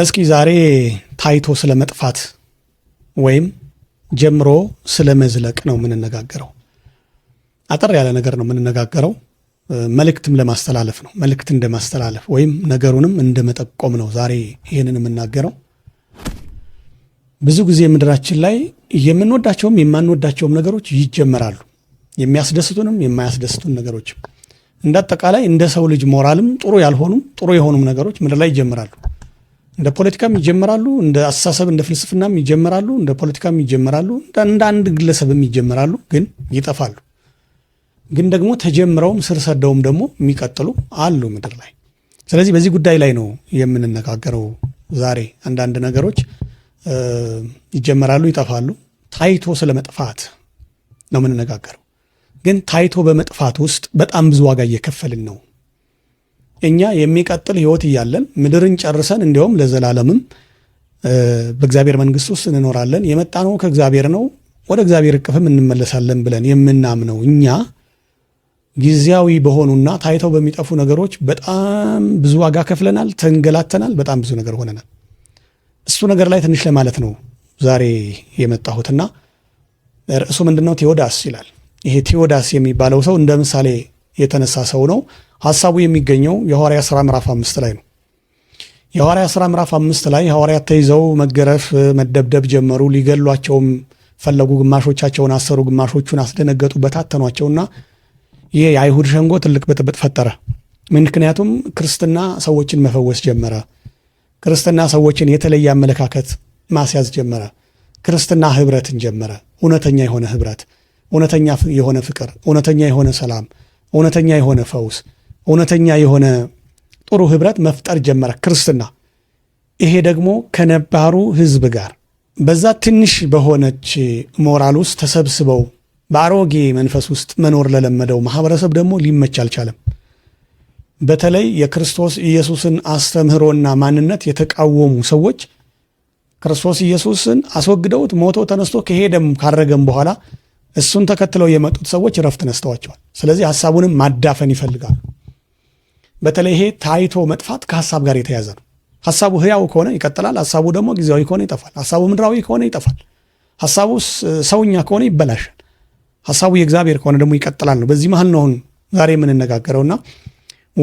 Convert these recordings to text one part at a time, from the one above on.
እስኪ ዛሬ ታይቶ ስለ መጥፋት ወይም ጀምሮ ስለ መዝለቅ ነው የምንነጋገረው። አጠር ያለ ነገር ነው የምንነጋገረው። መልእክትም ለማስተላለፍ ነው። መልእክት እንደማስተላለፍ ወይም ነገሩንም እንደመጠቆም ነው ዛሬ ይህንን የምናገረው። ብዙ ጊዜ ምድራችን ላይ የምንወዳቸውም የማንወዳቸውም ነገሮች ይጀመራሉ። የሚያስደስቱንም የማያስደስቱን ነገሮችም እንደ አጠቃላይ እንደ ሰው ልጅ ሞራልም ጥሩ ያልሆኑም ጥሩ የሆኑም ነገሮች ምድር ላይ ይጀምራሉ። እንደ ፖለቲካም ይጀምራሉ፣ እንደ አስተሳሰብ እንደ ፍልስፍናም ይጀምራሉ፣ እንደ ፖለቲካም ይጀምራሉ፣ እንደ አንድ ግለሰብም ይጀምራሉ፣ ግን ይጠፋሉ። ግን ደግሞ ተጀምረውም ስር ሰደውም ደግሞ የሚቀጥሉ አሉ ምድር ላይ። ስለዚህ በዚህ ጉዳይ ላይ ነው የምንነጋገረው ዛሬ። አንዳንድ ነገሮች ይጀመራሉ፣ ይጠፋሉ። ታይቶ ስለ መጥፋት ነው የምንነጋገረው። ግን ታይቶ በመጥፋት ውስጥ በጣም ብዙ ዋጋ እየከፈልን ነው። እኛ የሚቀጥል ህይወት እያለን ምድርን ጨርሰን እንዲሁም ለዘላለምም በእግዚአብሔር መንግስት ውስጥ እንኖራለን። የመጣ ነው ከእግዚአብሔር ነው፣ ወደ እግዚአብሔር እቅፍም እንመለሳለን ብለን የምናምነው እኛ ጊዜያዊ በሆኑና ታይተው በሚጠፉ ነገሮች በጣም ብዙ ዋጋ ከፍለናል፣ ተንገላተናል፣ በጣም ብዙ ነገር ሆነናል። እሱ ነገር ላይ ትንሽ ለማለት ነው ዛሬ የመጣሁትና ርዕሱ ምንድነው? ቴዎዳስ ይላል። ይሄ ቴዎዳስ የሚባለው ሰው እንደ ምሳሌ የተነሳ ሰው ነው። ሀሳቡ የሚገኘው የሐዋርያ ሥራ ምዕራፍ አምስት ላይ ነው። የሐዋርያ ሥራ ምዕራፍ አምስት ላይ ሐዋርያት ተይዘው መገረፍ፣ መደብደብ ጀመሩ። ሊገሏቸውም ፈለጉ። ግማሾቻቸውን አሰሩ፣ ግማሾቹን አስደነገጡ፣ በታተኗቸውና ይሄ የአይሁድ ሸንጎ ትልቅ ብጥብጥ ፈጠረ። ምክንያቱም ክርስትና ሰዎችን መፈወስ ጀመረ። ክርስትና ሰዎችን የተለየ አመለካከት ማስያዝ ጀመረ። ክርስትና ህብረትን ጀመረ። እውነተኛ የሆነ ህብረት፣ እውነተኛ የሆነ ፍቅር፣ እውነተኛ የሆነ ሰላም እውነተኛ የሆነ ፈውስ፣ እውነተኛ የሆነ ጥሩ ህብረት መፍጠር ጀመረ ክርስትና። ይሄ ደግሞ ከነባሩ ህዝብ ጋር በዛ ትንሽ በሆነች ሞራል ውስጥ ተሰብስበው በአሮጌ መንፈስ ውስጥ መኖር ለለመደው ማህበረሰብ ደግሞ ሊመች አልቻለም። በተለይ የክርስቶስ ኢየሱስን አስተምህሮና ማንነት የተቃወሙ ሰዎች ክርስቶስ ኢየሱስን አስወግደውት ሞቶ ተነስቶ ከሄደም ካረገም በኋላ እሱን ተከትለው የመጡት ሰዎች እረፍት ነስተዋቸዋል። ስለዚህ ሀሳቡንም ማዳፈን ይፈልጋሉ። በተለይ ይሄ ታይቶ መጥፋት ከሀሳብ ጋር የተያዘ ነው። ሀሳቡ ህያው ከሆነ ይቀጥላል። ሀሳቡ ደግሞ ጊዜያዊ ከሆነ ይጠፋል። ሀሳቡ ምድራዊ ከሆነ ይጠፋል። ሀሳቡ ሰውኛ ከሆነ ይበላሻል። ሀሳቡ የእግዚአብሔር ከሆነ ደግሞ ይቀጥላል ነው። በዚህ መሀል ነው ዛሬ የምንነጋገረውና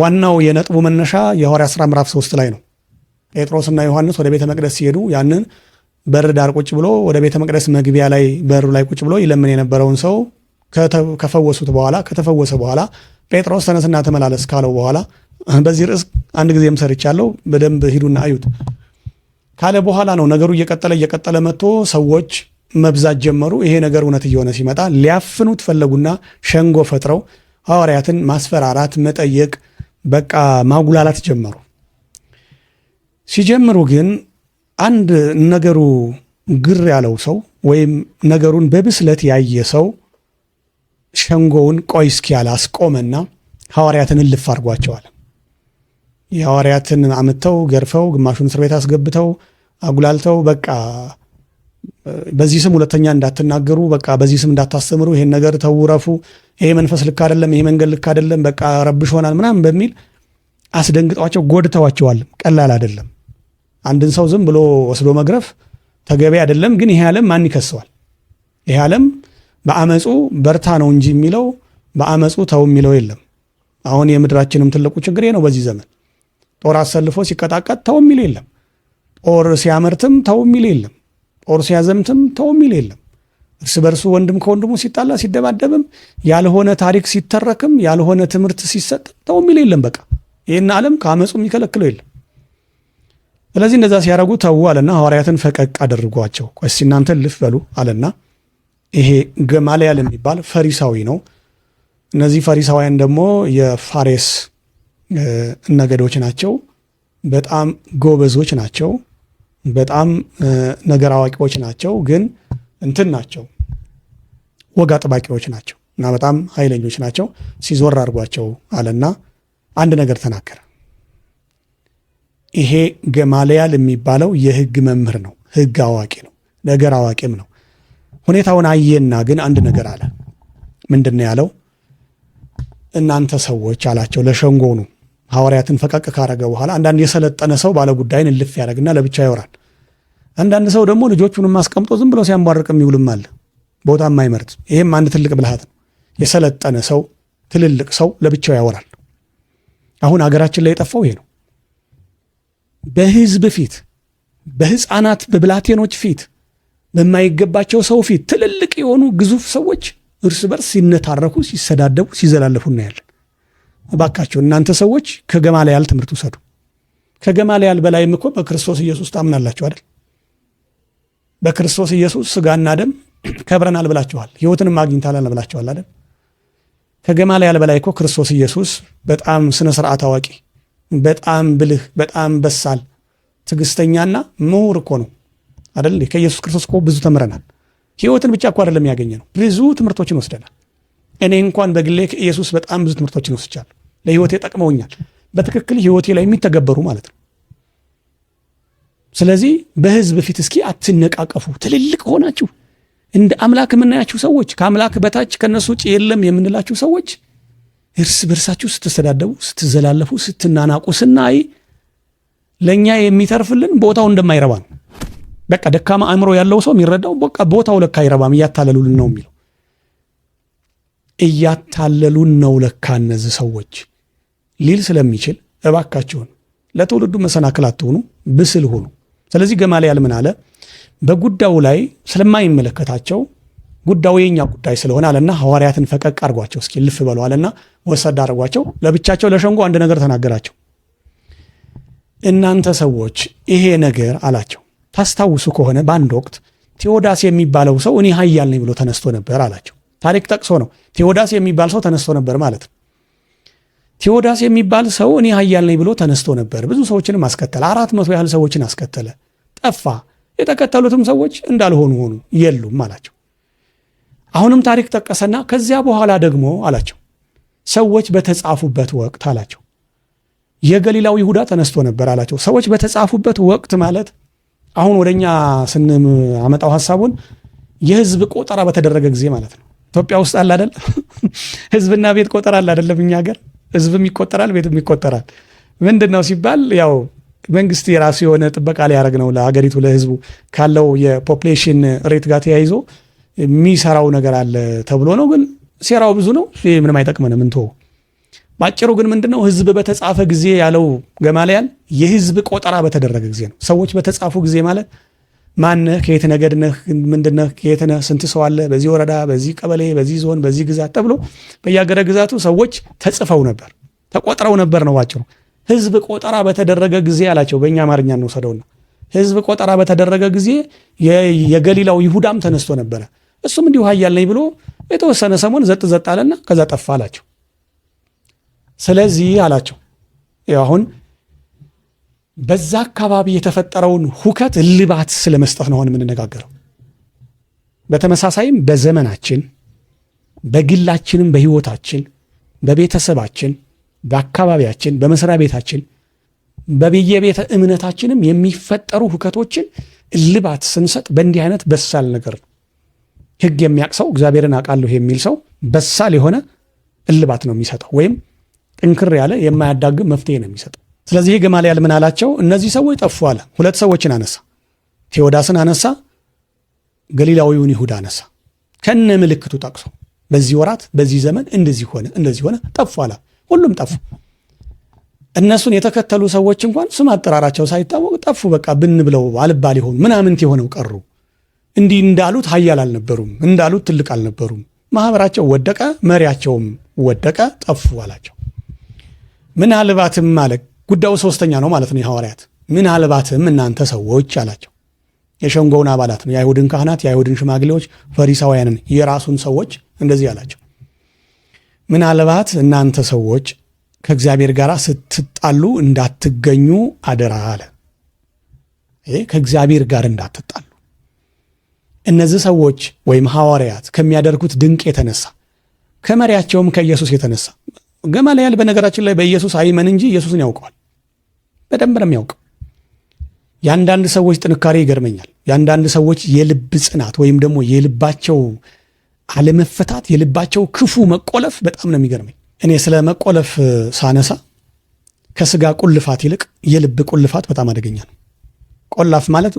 ዋናው የነጥቡ መነሻ የሐዋርያት ሥራ ምዕራፍ ሶስት ላይ ነው። ጴጥሮስና ዮሐንስ ወደ ቤተ መቅደስ ሲሄዱ ያንን በር ዳር ቁጭ ብሎ ወደ ቤተ መቅደስ መግቢያ ላይ በሩ ላይ ቁጭ ብሎ ይለምን የነበረውን ሰው ከፈወሱት በኋላ ከተፈወሰ በኋላ ጴጥሮስ ተነስና ተመላለስ ካለው በኋላ በዚህ ርዕስ አንድ ጊዜም ሰርቻለሁ፣ በደንብ ሂዱና አዩት ካለ በኋላ ነው ነገሩ እየቀጠለ እየቀጠለ መጥቶ ሰዎች መብዛት ጀመሩ። ይሄ ነገር እውነት እየሆነ ሲመጣ ሊያፍኑት ፈለጉና ሸንጎ ፈጥረው ሐዋርያትን ማስፈራራት፣ መጠየቅ፣ በቃ ማጉላላት ጀመሩ። ሲጀምሩ ግን አንድ ነገሩ ግር ያለው ሰው ወይም ነገሩን በብስለት ያየ ሰው ሸንጎውን ቆይ እስኪ ያለ አስቆመና ሐዋርያትን እልፍ አድርጓቸዋል። የሐዋርያትን አምተው ገርፈው ግማሹን እስር ቤት አስገብተው አጉላልተው በቃ በዚህ ስም ሁለተኛ እንዳትናገሩ፣ በቃ በዚህ ስም እንዳታስተምሩ፣ ይሄን ነገር ተውረፉ፣ ይሄ መንፈስ ልክ አይደለም፣ ይሄ መንገድ ልክ አይደለም፣ በቃ ረብሽ ሆናል ምናምን በሚል አስደንግጧቸው ጎድተዋቸዋል። ቀላል አይደለም። አንድን ሰው ዝም ብሎ ወስዶ መግረፍ ተገቢ አይደለም። ግን ይሄ ዓለም ማን ይከሰዋል? ይሄ ዓለም በአመፁ በርታ ነው እንጂ የሚለው በአመፁ ተው የሚለው የለም። አሁን የምድራችንም ትልቁ ችግር ነው። በዚህ ዘመን ጦር አሰልፎ ሲቀጣቀጥ ተው የሚል የለም። ጦር ሲያመርትም ተው የሚል የለም። ጦር ሲያዘምትም ተው የሚል የለም። እርስ በርሱ ወንድም ከወንድሙ ሲጣላ ሲደባደብም፣ ያልሆነ ታሪክ ሲተረክም፣ ያልሆነ ትምህርት ሲሰጥ ተው የሚል የለም። በቃ ይህን ዓለም ከአመፁ የሚከለክለው የለም። ስለዚህ እንደዛ ሲያደርጉ ተዉ አለና ሐዋርያትን ፈቀቅ አደርጓቸው። ቆይ እናንተ ልፍ በሉ አለና ይሄ ገማልያል የሚባል ፈሪሳዊ ነው። እነዚህ ፈሪሳውያን ደግሞ የፋሬስ ነገዶች ናቸው። በጣም ጎበዞች ናቸው። በጣም ነገር አዋቂዎች ናቸው። ግን እንትን ናቸው፣ ወግ አጥባቂዎች ናቸው እና በጣም ኃይለኞች ናቸው። ሲዞር አድርጓቸው አለና አንድ ነገር ተናገረ። ይሄ ገማልያል የሚባለው የህግ መምህር ነው። ህግ አዋቂ ነው፣ ነገር አዋቂም ነው። ሁኔታውን አየና ግን አንድ ነገር አለ። ምንድን ነው ያለው? እናንተ ሰዎች አላቸው ለሸንጎኑ ሐዋርያትን ፈቀቅ ካረገ በኋላ አንዳንድ የሰለጠነ ሰው ባለጉዳይን እልፍ ያደርግና ለብቻ ያወራል። አንዳንድ ሰው ደግሞ ልጆቹንም አስቀምጦ ዝም ብሎ ሲያንቧርቅ የሚውልም አለ፣ ቦታ የማይመርጥ ይህም አንድ ትልቅ ብልሃት ነው። የሰለጠነ ሰው ትልልቅ ሰው ለብቻው ያወራል። አሁን አገራችን ላይ የጠፋው ይሄ ነው። በህዝብ ፊት፣ በህፃናት በብላቴኖች ፊት፣ በማይገባቸው ሰው ፊት ትልልቅ የሆኑ ግዙፍ ሰዎች እርስ በርስ ሲነታረኩ፣ ሲሰዳደቡ፣ ሲዘላለፉ እናያለን። እባካቸው እናንተ ሰዎች ከገማልያል ትምህርት ውሰዱ። ከገማልያል በላይም እኮ በክርስቶስ ኢየሱስ ታምናላችሁ አይደል? በክርስቶስ ኢየሱስ ስጋና ደም ከብረናል ብላችኋል፣ ህይወትንም አግኝታላል ብላችኋል አይደል? ከገማልያል በላይ እኮ ክርስቶስ ኢየሱስ በጣም ስነ ስርዓት አዋቂ በጣም ብልህ፣ በጣም በሳል፣ ትዕግስተኛና ምሁር እኮ ነው አደል? ከኢየሱስ ክርስቶስ እኮ ብዙ ተምረናል። ህይወትን ብቻ እኮ አደለም ያገኘ ነው፣ ብዙ ትምህርቶችን ወስደናል። እኔ እንኳን በግሌ ከኢየሱስ በጣም ብዙ ትምህርቶችን ወስጃለሁ። ለህይወቴ ጠቅመውኛል፣ በትክክል ህይወቴ ላይ የሚተገበሩ ማለት ነው። ስለዚህ በህዝብ ፊት እስኪ አትነቃቀፉ። ትልልቅ ሆናችሁ እንደ አምላክ የምናያችሁ ሰዎች ከአምላክ በታች ከነሱ ውጭ የለም የምንላችሁ ሰዎች እርስ በርሳችሁ ስትሰዳደቡ፣ ስትዘላለፉ፣ ስትናናቁ ስናይ ለእኛ የሚተርፍልን ቦታው እንደማይረባ ነው። በቃ ደካማ አእምሮ ያለው ሰው የሚረዳው በቃ ቦታው ለካ አይረባም፣ እያታለሉልን ነው የሚለው። እያታለሉን ነው ለካ እነዚህ ሰዎች ሊል ስለሚችል እባካችሁን ለትውልዱ መሰናክል አትሆኑ፣ ብስል ሆኑ። ስለዚህ ገማልያል ምን አለ? በጉዳዩ ላይ ስለማይመለከታቸው ጉዳዩ የኛ ጉዳይ ስለሆነ አለና ሐዋርያትን ፈቀቅ አርጓቸው እስኪ ልፍ በሉ አለና ወሰድ አርጓቸው ለብቻቸው ለሸንጎ አንድ ነገር ተናገራቸው። እናንተ ሰዎች ይሄ ነገር አላቸው። ታስታውሱ ከሆነ በአንድ ወቅት ቴዎዳስ የሚባለው ሰው እኔ ሀያል ነኝ ብሎ ተነስቶ ነበር አላቸው። ታሪክ ጠቅሶ ነው። ቴዎዳስ የሚባል ሰው ተነስቶ ነበር ማለት ነው። ቴዎዳስ የሚባል ሰው እኔ ሀያል ነኝ ብሎ ተነስቶ ነበር። ብዙ ሰዎችንም አስከተለ። አራት መቶ ያህል ሰዎችን አስከተለ፣ ጠፋ። የተከተሉትም ሰዎች እንዳልሆኑ ሆኑ፣ የሉም አላቸው። አሁንም ታሪክ ጠቀሰና ከዚያ በኋላ ደግሞ አላቸው ሰዎች በተጻፉበት ወቅት አላቸው የገሊላው ይሁዳ ተነስቶ ነበር አላቸው። ሰዎች በተጻፉበት ወቅት ማለት አሁን ወደኛ ስንአመጣው ሀሳቡን የህዝብ ቆጠራ በተደረገ ጊዜ ማለት ነው። ኢትዮጵያ ውስጥ አለ አይደል? ህዝብና ቤት ቆጠራ አለ አይደለም? እኛ ሀገር ህዝብም ይቆጠራል፣ ቤትም ይቆጠራል። ምንድን ነው ሲባል ያው መንግስት የራሱ የሆነ ጥበቃ ሊያደርግ ነው ለሀገሪቱ ለህዝቡ ካለው የፖፕሌሽን ሬት ጋር ተያይዞ የሚሰራው ነገር አለ ተብሎ ነው። ግን ሴራው ብዙ ነው። ምንም አይጠቅመንም እንቶ ባጭሩ ግን ምንድነው ህዝብ በተጻፈ ጊዜ ያለው ገማልያል የህዝብ ቆጠራ በተደረገ ጊዜ ነው። ሰዎች በተጻፉ ጊዜ ማለት ማነህ፣ ከየት ነገድ ነህ፣ ምንድነህ፣ ከየት ነህ፣ ስንት ሰው አለ፣ በዚህ ወረዳ፣ በዚህ ቀበሌ፣ በዚህ ዞን፣ በዚህ ግዛት ተብሎ በያገረ ግዛቱ ሰዎች ተጽፈው ነበር፣ ተቆጥረው ነበር ነው ባጭሩ። ህዝብ ቆጠራ በተደረገ ጊዜ አላቸው። በእኛ አማርኛ እንውሰደውና ህዝብ ቆጠራ በተደረገ ጊዜ የገሊላው ይሁዳም ተነስቶ ነበረ። እሱም እንዲሁ ኃያል ብሎ የተወሰነ ሰሞን ዘጥ ዘጥ አለና ከዛ ጠፋ አላቸው። ስለዚህ አላቸው አሁን በዛ አካባቢ የተፈጠረውን ሁከት እልባት ስለመስጠት ነው አሁን የምንነጋገረው። በተመሳሳይም በዘመናችን በግላችንም በህይወታችን በቤተሰባችን በአካባቢያችን በመስሪያ ቤታችን በየቤተ እምነታችንም የሚፈጠሩ ሁከቶችን እልባት ስንሰጥ በእንዲህ አይነት በሳል ነገር ነው። ህግ የሚያውቅ ሰው እግዚአብሔርን አውቃለሁ የሚል ሰው በሳል የሆነ እልባት ነው የሚሰጠው፣ ወይም ጥንክር ያለ የማያዳግም መፍትሄ ነው የሚሰጠው። ስለዚህ ገማልያል ምን አላቸው? እነዚህ ሰዎች ጠፉ አለ። ሁለት ሰዎችን አነሳ። ቴዎዳስን አነሳ፣ ገሊላዊውን ይሁዳ አነሳ፣ ከነ ምልክቱ ጠቅሶ በዚህ ወራት በዚህ ዘመን እንደዚህ ሆነ እንደዚህ ሆነ ጠፉ አለ። ሁሉም ጠፉ። እነሱን የተከተሉ ሰዎች እንኳን ስም አጠራራቸው ሳይታወቅ ጠፉ። በቃ ብን ብለው አልባል ሆኑ፣ ምናምንት የሆነው ቀሩ። እንዲህ እንዳሉት ሀያል አልነበሩም፣ እንዳሉት ትልቅ አልነበሩም። ማህበራቸው ወደቀ፣ መሪያቸውም ወደቀ፣ ጠፉ አላቸው። ምናልባትም ማለት ጉዳዩ ሶስተኛ ነው ማለት ነው። የሐዋርያት ምናልባትም እናንተ ሰዎች አላቸው የሸንጎውን አባላት ነው፣ የአይሁድን ካህናት፣ የአይሁድን ሽማግሌዎች፣ ፈሪሳውያንን፣ የራሱን ሰዎች እንደዚህ አላቸው። ምናልባት እናንተ ሰዎች ከእግዚአብሔር ጋር ስትጣሉ እንዳትገኙ አደራ አለ። ከእግዚአብሔር ጋር እንዳትጣሉ እነዚህ ሰዎች ወይም ሐዋርያት ከሚያደርጉት ድንቅ የተነሳ ከመሪያቸውም ከኢየሱስ የተነሳ ገማልያል በነገራችን ላይ በኢየሱስ አይመን እንጂ ኢየሱስን ያውቀዋል፣ በደንብ ነው የሚያውቀው። የአንዳንድ ሰዎች ጥንካሬ ይገርመኛል። የአንዳንድ ሰዎች የልብ ጽናት ወይም ደግሞ የልባቸው አለመፈታት፣ የልባቸው ክፉ መቆለፍ በጣም ነው የሚገርመኝ። እኔ ስለ መቆለፍ ሳነሳ ከስጋ ቁልፋት ይልቅ የልብ ቁልፋት በጣም አደገኛ ነው። ቆላፍ ማለት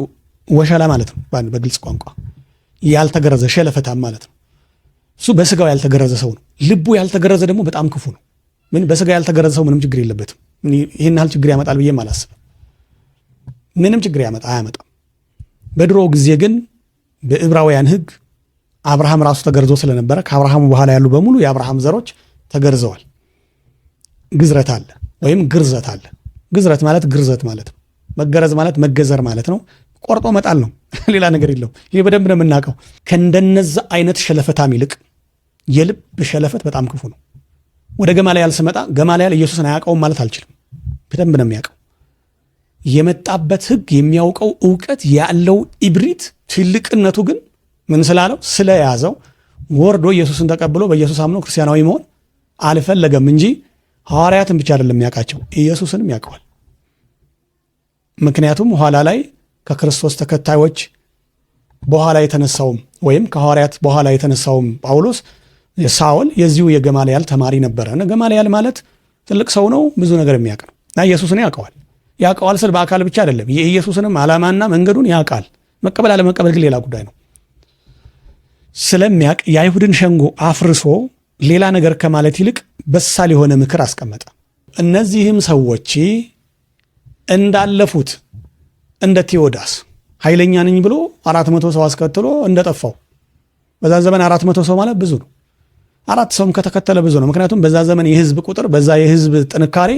ወሸላ ማለት ነው በግልጽ ቋንቋ ያልተገረዘ ሸለፈታም ማለት ነው። እሱ በስጋው ያልተገረዘ ሰው ነው። ልቡ ያልተገረዘ ደግሞ በጣም ክፉ ነው። ምን በስጋ ያልተገረዘ ሰው ምንም ችግር የለበትም። ይህን ያህል ችግር ያመጣል ብዬም አላስብም። ምንም ችግር አያመጣም። በድሮ ጊዜ ግን በዕብራውያን ሕግ አብርሃም ራሱ ተገርዞ ስለነበረ ከአብርሃሙ በኋላ ያሉ በሙሉ የአብርሃም ዘሮች ተገርዘዋል። ግዝረት አለ ወይም ግርዘት አለ። ግዝረት ማለት ግርዘት ማለት ነው። መገረዝ ማለት መገዘር ማለት ነው። ቆርጦ መጣል ነው። ሌላ ነገር የለው። ይህ በደንብ ነው የምናውቀው። ከእንደነዛ አይነት ሸለፈታም ይልቅ የልብ ሸለፈት በጣም ክፉ ነው። ወደ ገማልያል ስመጣ ገማልያል ኢየሱስን አያውቀውም ማለት አልችልም። በደንብ ነው የሚያውቀው። የመጣበት ህግ የሚያውቀው እውቀት ያለው ኢብሪት፣ ትልቅነቱ ግን ምን ስላለው ስለያዘው ወርዶ ኢየሱስን ተቀብሎ በኢየሱስ አምኖ ክርስቲያናዊ መሆን አልፈለገም እንጂ ሐዋርያትን ብቻ አይደለም የሚያውቃቸው ኢየሱስንም ያውቀዋል። ምክንያቱም ኋላ ላይ ከክርስቶስ ተከታዮች በኋላ የተነሳውም ወይም ከሐዋርያት በኋላ የተነሳውም ጳውሎስ ሳውል የዚሁ የገማልያል ተማሪ ነበረ። ገማልያል ማለት ትልቅ ሰው ነው፣ ብዙ ነገር የሚያውቅ ነው እና ኢየሱስን ያውቀዋል። ያውቀዋል ስል በአካል ብቻ አይደለም፣ የኢየሱስንም ዓላማና መንገዱን ያውቃል። መቀበል አለመቀበል ግን ሌላ ጉዳይ ነው። ስለሚያውቅ የአይሁድን ሸንጎ አፍርሶ ሌላ ነገር ከማለት ይልቅ በሳል የሆነ ምክር አስቀመጠ። እነዚህም ሰዎች እንዳለፉት እንደ ቴዎዳስ ኃይለኛ ነኝ ብሎ አራት መቶ ሰው አስከትሎ እንደጠፋው በዛ ዘመን አራት መቶ ሰው ማለት ብዙ ነው። አራት ሰውም ከተከተለ ብዙ ነው። ምክንያቱም በዛ ዘመን የህዝብ ቁጥር፣ በዛ የህዝብ ጥንካሬ፣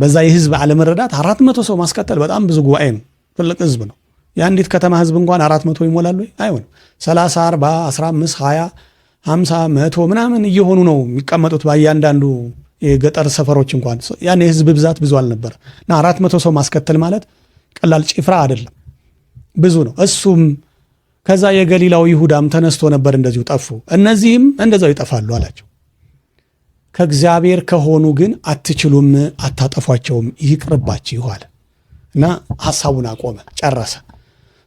በዛ የህዝብ አለመረዳት አራት መቶ ሰው ማስከተል በጣም ብዙ ጉባኤ ነው። ትልቅ ህዝብ ነው። የአንዲት ከተማ ህዝብ እንኳን አራት መቶ ይሞላሉ? አይሆንም። ሰላሳ አርባ አስራ አምስት ሀያ ሀምሳ መቶ ምናምን እየሆኑ ነው የሚቀመጡት በእያንዳንዱ የገጠር ሰፈሮች እንኳን ያን የህዝብ ብዛት ብዙ አልነበረ እና አራት መቶ ሰው ማስከተል ማለት ቀላል ጭፍራ አይደለም፣ ብዙ ነው። እሱም ከዛ የገሊላው ይሁዳም ተነስቶ ነበር፣ እንደዚሁ ጠፉ። እነዚህም እንደዛው ይጠፋሉ አላቸው። ከእግዚአብሔር ከሆኑ ግን አትችሉም፣ አታጠፏቸውም፣ ይቅርባችሁ አለ እና ሀሳቡን አቆመ፣ ጨረሰ።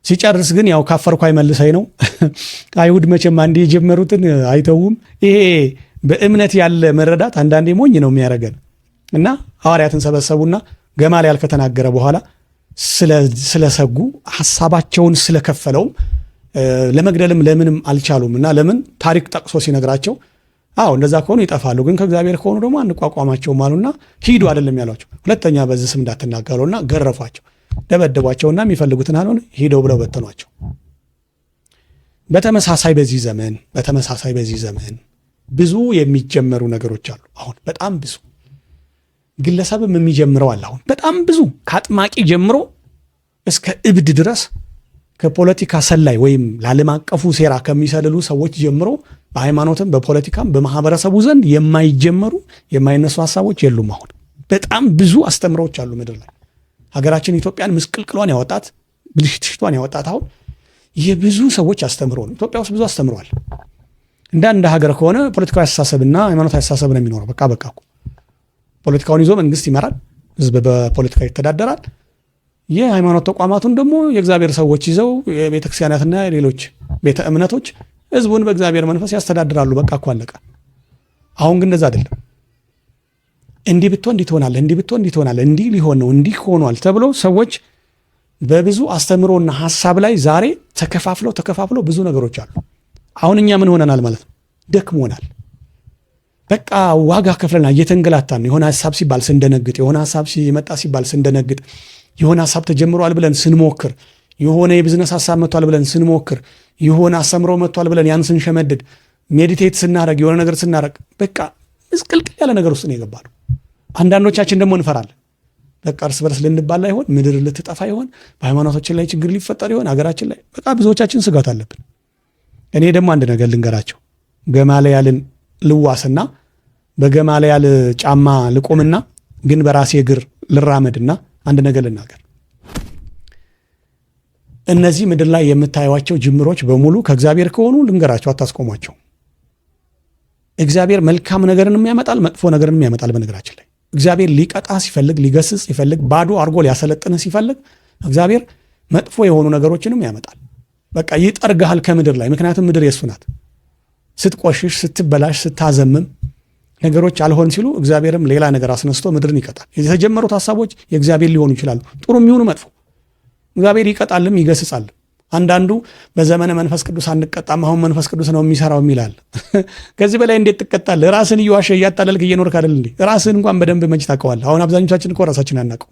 ሲጨርስ ግን ያው ካፈርኩ አይመልሰኝ ነው። አይሁድ መቼም እንዲ የጀመሩትን አይተውም። ይሄ በእምነት ያለ መረዳት አንዳንዴ ሞኝ ነው የሚያደርገን እና ሐዋርያትን ሰበሰቡና ገማልያል ከተናገረ በኋላ ስለሰጉ ሀሳባቸውን ስለከፈለውም ለመግደልም ለምንም አልቻሉም እና ለምን ታሪክ ጠቅሶ ሲነግራቸው አዎ እንደዛ ከሆኑ ይጠፋሉ፣ ግን ከእግዚአብሔር ከሆኑ ደግሞ አንቋቋማቸውም አሉና ሂዱ አይደለም ያሏቸው። ሁለተኛ በዚህ ስም እንዳትናገሩና ገረፏቸው፣ ደበደቧቸውና የሚፈልጉትን አልሆን ሂደው ብለው በተኗቸው። በተመሳሳይ በዚህ ዘመን በተመሳሳይ በዚህ ዘመን ብዙ የሚጀመሩ ነገሮች አሉ። አሁን በጣም ብዙ ግለሰብም የሚጀምረው አለ። አሁን በጣም ብዙ ከአጥማቂ ጀምሮ እስከ እብድ ድረስ ከፖለቲካ ሰላይ ወይም ለዓለም አቀፉ ሴራ ከሚሰልሉ ሰዎች ጀምሮ በሃይማኖትም በፖለቲካም በማህበረሰቡ ዘንድ የማይጀመሩ የማይነሱ ሀሳቦች የሉም። አሁን በጣም ብዙ አስተምሮች አሉ ምድር ላይ ሀገራችን ኢትዮጵያን ምስቅልቅሏን ያወጣት ብልሽትሽቷን ያወጣት አሁን የብዙ ሰዎች አስተምሮ ነው። ኢትዮጵያ ውስጥ ብዙ አስተምሯል። እንደ ሀገር ከሆነ ፖለቲካዊ አስተሳሰብና ሃይማኖታዊ አስተሳሰብ ነው የሚኖረው። በቃ በቃ እኮ ፖለቲካውን ይዞ መንግስት ይመራል፣ ህዝብ በፖለቲካ ይተዳደራል። የሃይማኖት ተቋማቱን ደግሞ የእግዚአብሔር ሰዎች ይዘው የቤተክርስቲያናትና ሌሎች ቤተ እምነቶች ህዝቡን በእግዚአብሔር መንፈስ ያስተዳድራሉ። በቃ እኮ አለቀ። አሁን ግን እንደዛ አይደለም። እንዲህ ብትሆን እንዲህ ትሆናለህ፣ እንዲህ ብትሆን እንዲህ ትሆናለህ፣ እንዲህ ሊሆን ነው፣ እንዲህ ሆኗል ተብሎ ሰዎች በብዙ አስተምሮና ሀሳብ ላይ ዛሬ ተከፋፍለው ተከፋፍለው ብዙ ነገሮች አሉ። አሁን እኛ ምን ሆነናል ማለት ነው? ደክሞናል። በቃ ዋጋ ከፍለናል። እየተንገላታን የሆነ ሀሳብ ሲባል ስንደነግጥ፣ የሆነ ሀሳብ የመጣ ሲባል ስንደነግጥ፣ የሆነ ሀሳብ ተጀምሯል ብለን ስንሞክር፣ የሆነ የቢዝነስ ሀሳብ መጥቷል ብለን ስንሞክር፣ የሆነ አሰምሮ መጥቷል ብለን ያን ስንሸመድድ፣ ሜዲቴት ስናደረግ፣ የሆነ ነገር ስናደረግ፣ በቃ ምስቅልቅል ያለ ነገር ውስጥ ነው ነው። አንዳንዶቻችን ደግሞ እንፈራለን። በቃ እርስ በርስ ልንባላ ይሆን? ምድር ልትጠፋ ይሆን? በሃይማኖታችን ላይ ችግር ሊፈጠር ይሆን? ሀገራችን ላይ በቃ ብዙዎቻችን ስጋት አለብን። እኔ ደግሞ አንድ ነገር ልንገራቸው። ገማልያልን ልዋስና በገማልያል ጫማ ልቆምና ግን በራሴ እግር ልራመድና አንድ ነገር ልናገር። እነዚህ ምድር ላይ የምታዩቸው ጅምሮች በሙሉ ከእግዚአብሔር ከሆኑ ልንገራቸው፣ አታስቆሟቸው። እግዚአብሔር መልካም ነገርንም ያመጣል፣ መጥፎ ነገርንም ያመጣል። በነገራችን ላይ እግዚአብሔር ሊቀጣ ሲፈልግ፣ ሊገስጽ ሲፈልግ፣ ባዶ አድርጎ ሊያሰለጥን ሲፈልግ እግዚአብሔር መጥፎ የሆኑ ነገሮችንም ያመጣል። በቃ ይጠርግሃል ከምድር ላይ። ምክንያቱም ምድር የሱ ናት። ስትቆሽሽ፣ ስትበላሽ፣ ስታዘምም ነገሮች አልሆን ሲሉ እግዚአብሔርም ሌላ ነገር አስነስቶ ምድርን ይቀጣል። የተጀመሩት ሀሳቦች የእግዚአብሔር ሊሆኑ ይችላሉ፣ ጥሩ የሚሆኑ መጥፎ። እግዚአብሔር ይቀጣልም ይገስጻል። አንዳንዱ በዘመነ መንፈስ ቅዱስ አንቀጣም፣ አሁን መንፈስ ቅዱስ ነው የሚሰራው ይላል። ከዚህ በላይ እንዴት ትቀጣል? ራስን እየዋሸ እያጣለልክ እየኖርክ አይደል እንዴ? ራስን እንኳን በደንብ መች ታውቀዋለህ? አሁን አብዛኞቻችን እኮ ራሳችን አናውቀው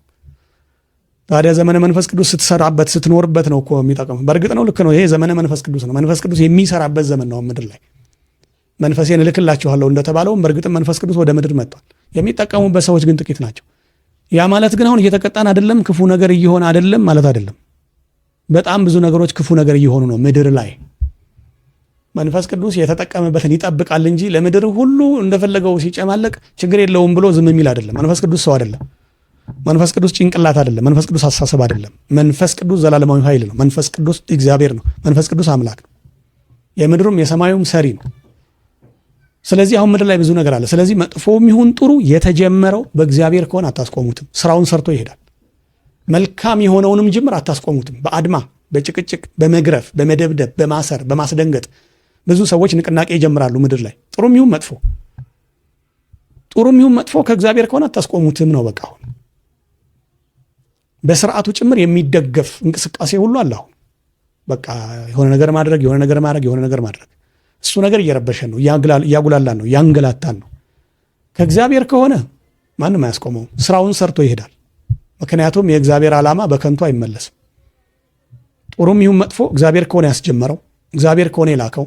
ታዲያ ዘመነ መንፈስ ቅዱስ ስትሰራበት ስትኖርበት ነው እኮ የሚጠቅም። በእርግጥ ነው፣ ልክ ነው። ይሄ ዘመነ መንፈስ ቅዱስ ነው። መንፈስ ቅዱስ የሚሰራበት ዘመን ነው ምድር ላይ መንፈሴን እልክላችኋለሁ እንደተባለውም በእርግጥም መንፈስ ቅዱስ ወደ ምድር መጥቷል። የሚጠቀሙበት ሰዎች ግን ጥቂት ናቸው። ያ ማለት ግን አሁን እየተቀጣን አይደለም፣ ክፉ ነገር እየሆነ አይደለም ማለት አይደለም። በጣም ብዙ ነገሮች ክፉ ነገር እየሆኑ ነው ምድር ላይ። መንፈስ ቅዱስ የተጠቀመበትን ይጠብቃል እንጂ ለምድር ሁሉ እንደፈለገው ሲጨማለቅ ችግር የለውም ብሎ ዝም የሚል አይደለም። መንፈስ ቅዱስ ሰው አይደለም። መንፈስ ቅዱስ ጭንቅላት አይደለም። መንፈስ ቅዱስ አሳሰብ አይደለም። መንፈስ ቅዱስ ዘላለማዊ ኃይል ነው። መንፈስ ቅዱስ እግዚአብሔር ነው። መንፈስ ቅዱስ አምላክ ነው። የምድሩም የሰማዩም ሰሪ ነው። ስለዚህ አሁን ምድር ላይ ብዙ ነገር አለ። ስለዚህ መጥፎም ይሁን ጥሩ የተጀመረው በእግዚአብሔር ከሆነ አታስቆሙትም። ስራውን ሰርቶ ይሄዳል። መልካም የሆነውንም ጅምር አታስቆሙትም። በአድማ፣ በጭቅጭቅ፣ በመግረፍ፣ በመደብደብ፣ በማሰር፣ በማስደንገጥ ብዙ ሰዎች ንቅናቄ ይጀምራሉ ምድር ላይ ጥሩም ይሁን መጥፎ ጥሩም ይሁን መጥፎ ከእግዚአብሔር ከሆነ አታስቆሙትም ነው በቃ አሁን በስርዓቱ ጭምር የሚደገፍ እንቅስቃሴ ሁሉ አለ። አሁን በቃ የሆነ ነገር ማድረግ የሆነ ነገር ማድረግ የሆነ ነገር ማድረግ እሱ ነገር እየረበሸን ነው፣ እያጉላላን ነው፣ እያንገላታን ነው። ከእግዚአብሔር ከሆነ ማንም አያስቆመው፣ ስራውን ሰርቶ ይሄዳል። ምክንያቱም የእግዚአብሔር ዓላማ በከንቱ አይመለስም። ጥሩም ይሁን መጥፎ እግዚአብሔር ከሆነ ያስጀመረው እግዚአብሔር ከሆነ የላከው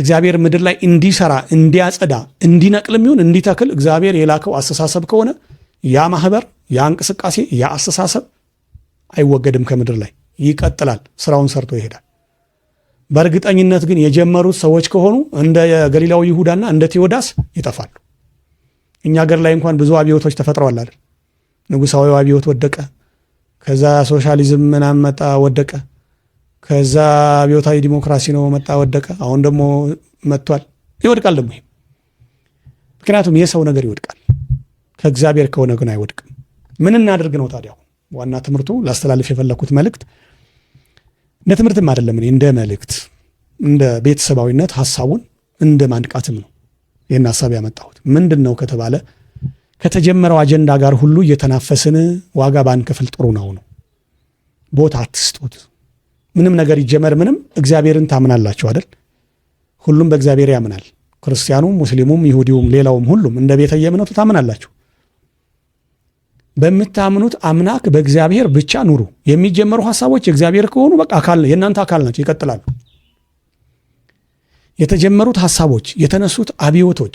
እግዚአብሔር ምድር ላይ እንዲሰራ እንዲያጸዳ፣ እንዲነቅልም ይሁን እንዲተክል እግዚአብሔር የላከው አስተሳሰብ ከሆነ ያ ማህበር ያ እንቅስቃሴ ያ አስተሳሰብ አይወገድም ከምድር ላይ ይቀጥላል። ስራውን ሰርቶ ይሄዳል። በእርግጠኝነት ግን የጀመሩት ሰዎች ከሆኑ እንደ ገሊላው ይሁዳና እንደ ቴዎዳስ ይጠፋሉ። እኛ ሀገር ላይ እንኳን ብዙ አብዮቶች ተፈጥረዋል አይደል? ንጉሳዊ አብዮት ወደቀ። ከዛ ሶሻሊዝም ምናምን መጣ ወደቀ። ከዛ አብዮታዊ ዲሞክራሲ ነው መጣ ወደቀ። አሁን ደግሞ መጥቷል። ይወድቃል ደግሞ ይሄም። ምክንያቱም የሰው ነገር ይወድቃል፣ ከእግዚአብሔር ከሆነ ግን አይወድቅም። ምን እናደርግ ነው ታዲያ? ዋና ትምህርቱ ላስተላልፍ የፈለግኩት መልእክት እንደ ትምህርትም አይደለም፣ እንደ መልእክት እንደ ቤተሰባዊነት ሀሳቡን እንደ ማንቃትም ነው ይህን ሀሳብ ያመጣሁት። ምንድን ነው ከተባለ ከተጀመረው አጀንዳ ጋር ሁሉ እየተናፈስን ዋጋ ባንከፍል ጥሩ ነው ነው። ቦታ አትስጡት። ምንም ነገር ይጀመር ምንም፣ እግዚአብሔርን ታምናላችሁ አይደል? ሁሉም በእግዚአብሔር ያምናል። ክርስቲያኑም፣ ሙስሊሙም፣ ይሁዲውም፣ ሌላውም ሁሉም እንደ ቤተ ታምናላችሁ። በምታምኑት አምላክ በእግዚአብሔር ብቻ ኑሩ። የሚጀመሩ ሀሳቦች የእግዚአብሔር ከሆኑ በቃ አካል የእናንተ አካል ናቸው፣ ይቀጥላሉ። የተጀመሩት ሀሳቦች፣ የተነሱት አብዮቶች፣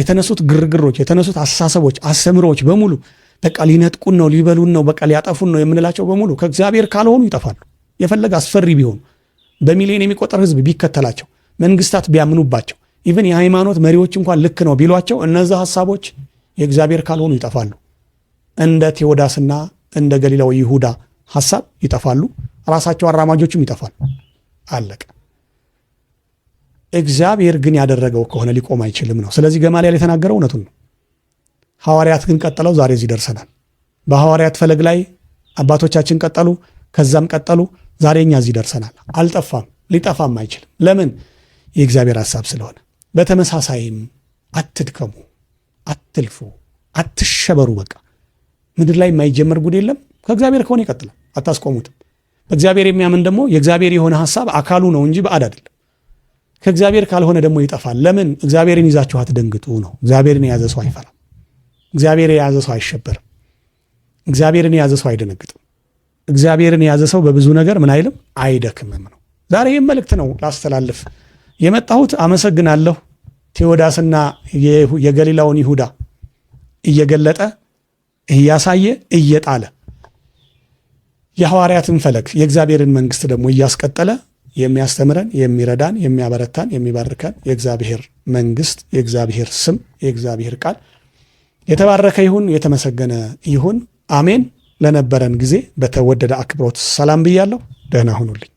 የተነሱት ግርግሮች፣ የተነሱት አስተሳሰቦች፣ አስተምሮዎች በሙሉ በቃ ሊነጥቁን ነው፣ ሊበሉን ነው፣ በቃ ሊያጠፉን ነው የምንላቸው በሙሉ ከእግዚአብሔር ካልሆኑ ይጠፋሉ። የፈለገ አስፈሪ ቢሆኑ በሚሊዮን የሚቆጠር ህዝብ ቢከተላቸው መንግስታት ቢያምኑባቸው ኢቨን የሃይማኖት መሪዎች እንኳን ልክ ነው ቢሏቸው እነዚ ሀሳቦች የእግዚአብሔር ካልሆኑ ይጠፋሉ። እንደ ቴዎዳስና እንደ ገሊላው ይሁዳ ሀሳብ ይጠፋሉ። ራሳቸው አራማጆችም ይጠፋሉ። አለቀ። እግዚአብሔር ግን ያደረገው ከሆነ ሊቆም አይችልም ነው። ስለዚህ ገማልያል የተናገረው እውነቱን ነው። ሐዋርያት ግን ቀጥለው ዛሬ እዚህ ደርሰናል። በሐዋርያት ፈለግ ላይ አባቶቻችን ቀጠሉ፣ ከዛም ቀጠሉ። ዛሬ እኛ እዚህ ደርሰናል። አልጠፋም፣ ሊጠፋም አይችልም። ለምን? የእግዚአብሔር ሀሳብ ስለሆነ። በተመሳሳይም አትድከሙ፣ አትልፉ፣ አትሸበሩ። በቃ ምድር ላይ የማይጀመር ጉድ የለም። ከእግዚአብሔር ከሆነ ይቀጥላል፣ አታስቆሙትም። በእግዚአብሔር የሚያምን ደግሞ የእግዚአብሔር የሆነ ሀሳብ አካሉ ነው እንጂ በአድ አይደለም። ከእግዚአብሔር ካልሆነ ደግሞ ይጠፋል። ለምን? እግዚአብሔርን ይዛችሁ አትደንግጡ ነው። እግዚአብሔርን የያዘ ሰው አይፈራም። እግዚአብሔር የያዘ ሰው አይሸበርም። እግዚአብሔርን የያዘ ሰው አይደነግጥም። እግዚአብሔርን የያዘ ሰው በብዙ ነገር ምን አይልም፣ አይደክምም ነው። ዛሬ ይህም መልእክት ነው ላስተላልፍ የመጣሁት። አመሰግናለሁ ቴዎዳስና የገሊላውን ይሁዳ እየገለጠ እያሳየ እየጣለ የሐዋርያትን ፈለግ የእግዚአብሔርን መንግስት ደግሞ እያስቀጠለ የሚያስተምረን የሚረዳን የሚያበረታን የሚባርከን የእግዚአብሔር መንግስት የእግዚአብሔር ስም የእግዚአብሔር ቃል የተባረከ ይሁን የተመሰገነ ይሁን አሜን። ለነበረን ጊዜ በተወደደ አክብሮት ሰላም ብያለሁ። ደህና ሁኑልኝ።